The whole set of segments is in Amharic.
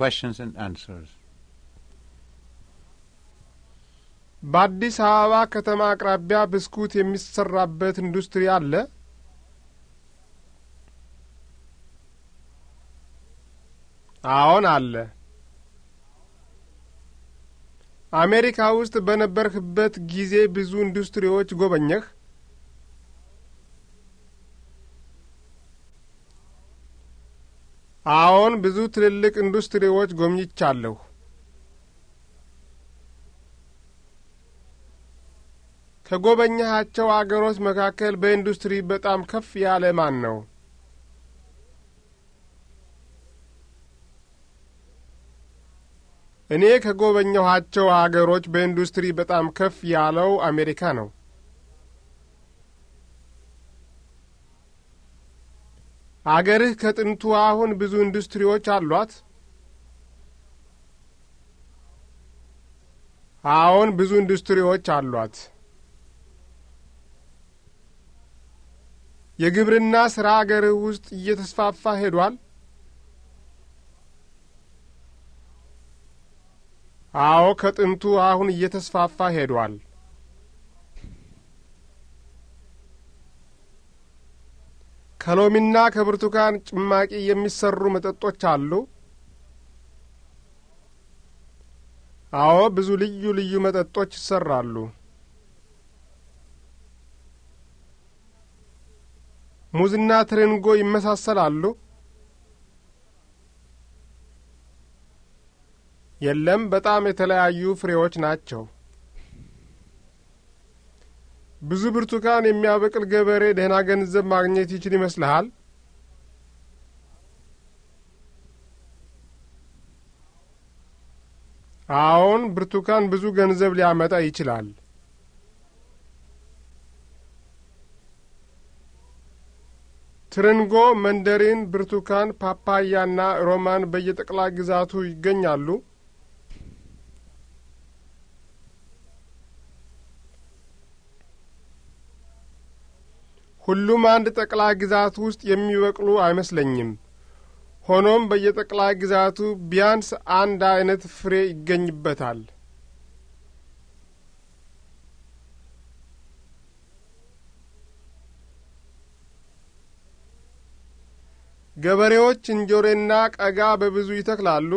questions and answers. በአዲስ አበባ ከተማ አቅራቢያ ብስኩት የሚሰራበት ኢንዱስትሪ አለ? አዎን አለ። አሜሪካ ውስጥ በነበርህበት ጊዜ ብዙ ኢንዱስትሪዎች ጎበኘህ? አዎን፣ ብዙ ትልልቅ ኢንዱስትሪዎች ጐብኝቻለሁ። ከጐበኘሃቸው አገሮች መካከል በኢንዱስትሪ በጣም ከፍ ያለ ማን ነው? እኔ ከጐበኘኋቸው አገሮች በኢንዱስትሪ በጣም ከፍ ያለው አሜሪካ ነው። አገርህ ከጥንቱ አሁን ብዙ ኢንዱስትሪዎች አሏት? አዎን፣ ብዙ ኢንዱስትሪዎች አሏት። የግብርና ሥራ አገርህ ውስጥ እየተስፋፋ ሄዷል? አዎ፣ ከጥንቱ አሁን እየተስፋፋ ሄዷል። ከሎሚና ከብርቱካን ጭማቂ የሚሰሩ መጠጦች አሉ? አዎ፣ ብዙ ልዩ ልዩ መጠጦች ይሰራሉ። ሙዝና ትርንጎ ይመሳሰላሉ? የለም፣ በጣም የተለያዩ ፍሬዎች ናቸው። ብዙ ብርቱካን የሚያበቅል ገበሬ ደህና ገንዘብ ማግኘት ይችል ይመስልሃል? አዎን፣ ብርቱካን ብዙ ገንዘብ ሊያመጣ ይችላል። ትርንጎ፣ መንደሪን፣ ብርቱካን፣ ፓፓያና ሮማን በየጠቅላይ ግዛቱ ይገኛሉ። ሁሉም አንድ ጠቅላይ ግዛት ውስጥ የሚበቅሉ አይመስለኝም። ሆኖም በየጠቅላይ ግዛቱ ቢያንስ አንድ አይነት ፍሬ ይገኝበታል። ገበሬዎች እንጆሬና ቀጋ በብዙ ይተክላሉ።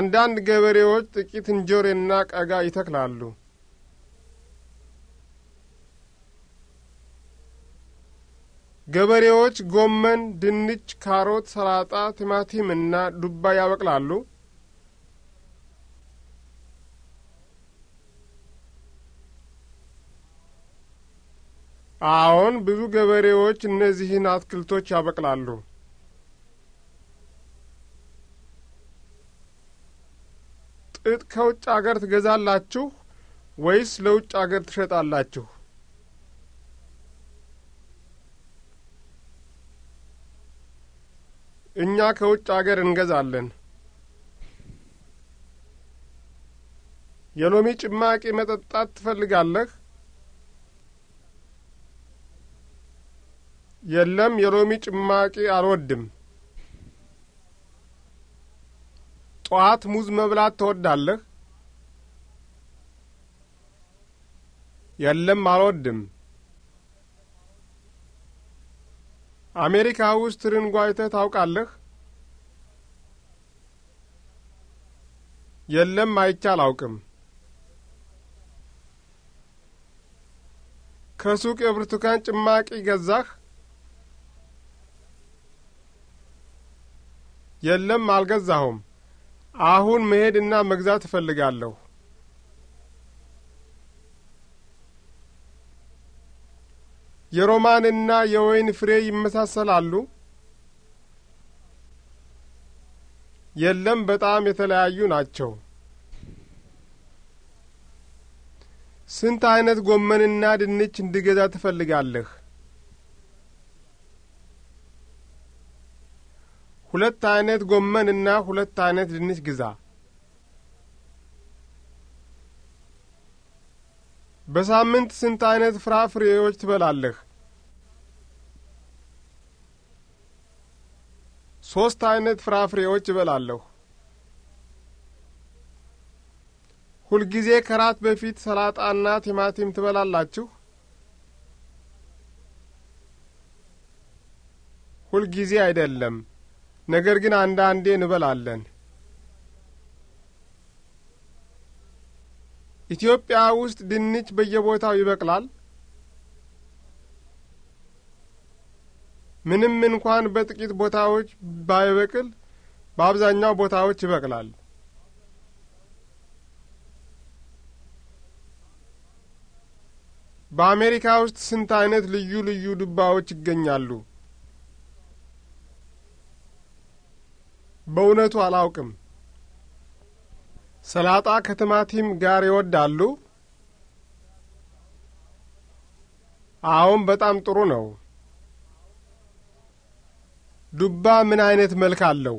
አንዳንድ ገበሬዎች ጥቂት እንጆሬና ቀጋ ይተክላሉ። ገበሬዎች ጎመን፣ ድንች፣ ካሮት፣ ሰላጣ፣ ቲማቲም እና ዱባ ያበቅላሉ። አዎን፣ ብዙ ገበሬዎች እነዚህን አትክልቶች ያበቅላሉ። ጥጥ ከውጭ አገር ትገዛላችሁ ወይስ ለውጭ አገር ትሸጣላችሁ? እኛ ከውጭ አገር እንገዛለን። የሎሚ ጭማቂ መጠጣት ትፈልጋለህ? የለም፣ የሎሚ ጭማቂ አልወድም። ጠዋት ሙዝ መብላት ትወዳለህ? የለም፣ አልወድም። አሜሪካ ውስጥ ትርንጓ አይተህ ታውቃለህ? የለም፣ አይቼ አላውቅም። ከሱቅ የብርቱካን ጭማቂ ገዛህ? የለም፣ አልገዛሁም። አሁን መሄድና መግዛት እፈልጋለሁ። የሮማንና የወይን ፍሬ ይመሳሰላሉ? የለም፣ በጣም የተለያዩ ናቸው። ስንት አይነት ጎመንና ድንች እንድገዛ ትፈልጋለህ? ሁለት አይነት ጎመንና ሁለት አይነት ድንች ግዛ። በሳምንት ስንት አይነት ፍራፍሬዎች ትበላለህ? ሶስት አይነት ፍራፍሬዎች እበላለሁ። ሁልጊዜ ከራት በፊት ሰላጣና ቲማቲም ትበላላችሁ? ሁልጊዜ አይደለም፣ ነገር ግን አንዳንዴ እንበላለን። ኢትዮጵያ ውስጥ ድንች በየቦታው ይበቅላል። ምንም እንኳን በጥቂት ቦታዎች ባይበቅል በአብዛኛው ቦታዎች ይበቅላል። በአሜሪካ ውስጥ ስንት አይነት ልዩ ልዩ ዱባዎች ይገኛሉ? በእውነቱ አላውቅም። ሰላጣ ከቲማቲም ጋር ይወዳሉ? አዎን፣ በጣም ጥሩ ነው። ዱባ ምን አይነት መልክ አለው?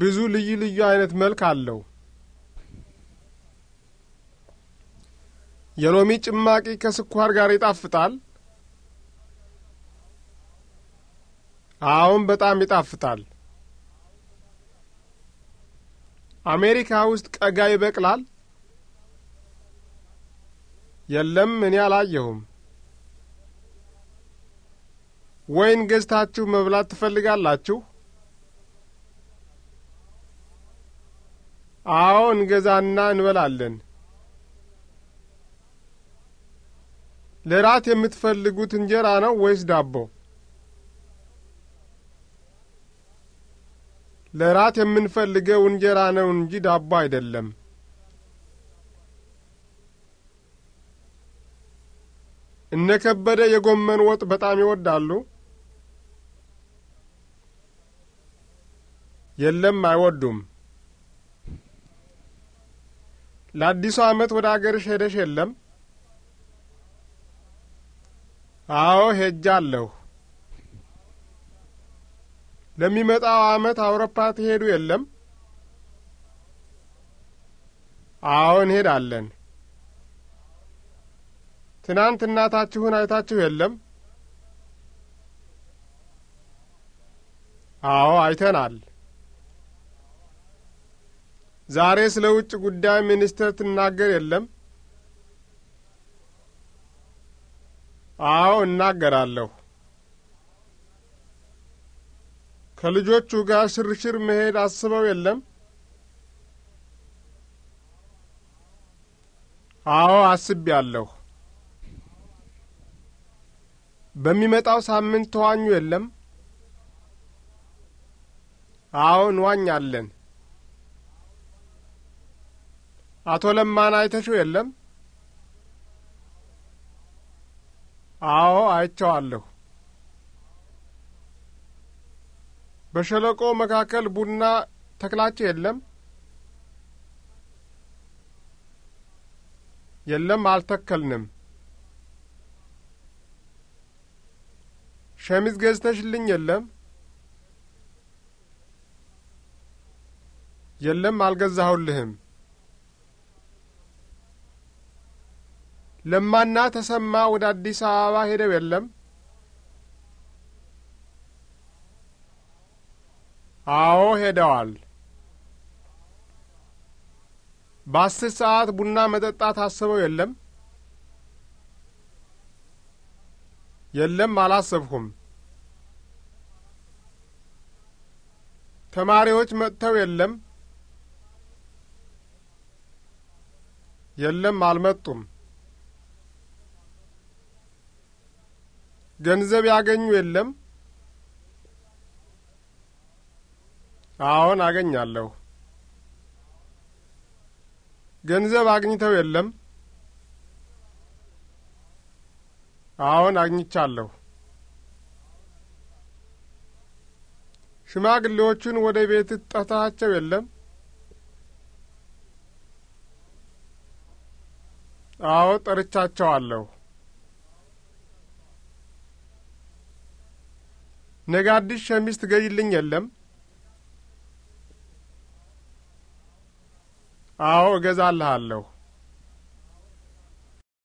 ብዙ ልዩ ልዩ አይነት መልክ አለው። የሎሚ ጭማቂ ከስኳር ጋር ይጣፍጣል? አዎን፣ በጣም ይጣፍጣል። አሜሪካ ውስጥ ቀጋ ይበቅላል? የለም፣ እኔ አላየሁም። ወይን ገዝታችሁ መብላት ትፈልጋላችሁ? አዎ፣ እንገዛና እንበላለን። ለራት የምትፈልጉት እንጀራ ነው ወይስ ዳቦ? ለራት የምንፈልገው እንጀራ ነው እንጂ ዳቦ አይደለም። እነ ከበደ የጎመን ወጥ በጣም ይወዳሉ? የለም፣ አይወዱም። ለአዲሱ ዓመት ወደ አገርሽ ሄደሽ የለም? አዎ ሄጃለሁ። ለሚመጣው ዓመት አውሮፓ ትሄዱ የለም? አዎ እንሄዳለን። ትናንት እናታችሁን አይታችሁ የለም? አዎ አይተናል። ዛሬ ስለ ውጭ ጉዳይ ሚኒስትር ትናገር የለም? አዎ እናገራለሁ። ከልጆቹ ጋር ሽርሽር መሄድ አስበው የለም? አዎ አስቤያለሁ። በሚመጣው ሳምንት ተዋኙ የለም? አዎ እንዋኛለን። አቶ ለማን አይተሽው የለም? አዎ አይቸዋለሁ። በሸለቆ መካከል ቡና ተክላቸው የለም? የለም፣ አልተከልንም። ሸሚዝ ገዝተሽልኝ የለም? የለም፣ አልገዛሁልህም። ለማና ተሰማ ወደ አዲስ አበባ ሄደው የለም? አዎ ሄደዋል። በአስር ሰዓት ቡና መጠጣት አስበው የለም? የለም፣ አላሰብሁም። ተማሪዎች መጥተው የለም? የለም፣ አልመጡም። ገንዘብ ያገኙ የለም? አዎን አገኛለሁ። ገንዘብ አግኝተው የለም? አዎን አግኝቻለሁ። ሽማግሌዎቹን ወደ ቤት ጠርተሃቸው የለም? አዎ ጠርቻቸዋለሁ። ነጋዲሽ ሸሚዝ ትገዥልኝ የለም? አዎ እገዛልሃለሁ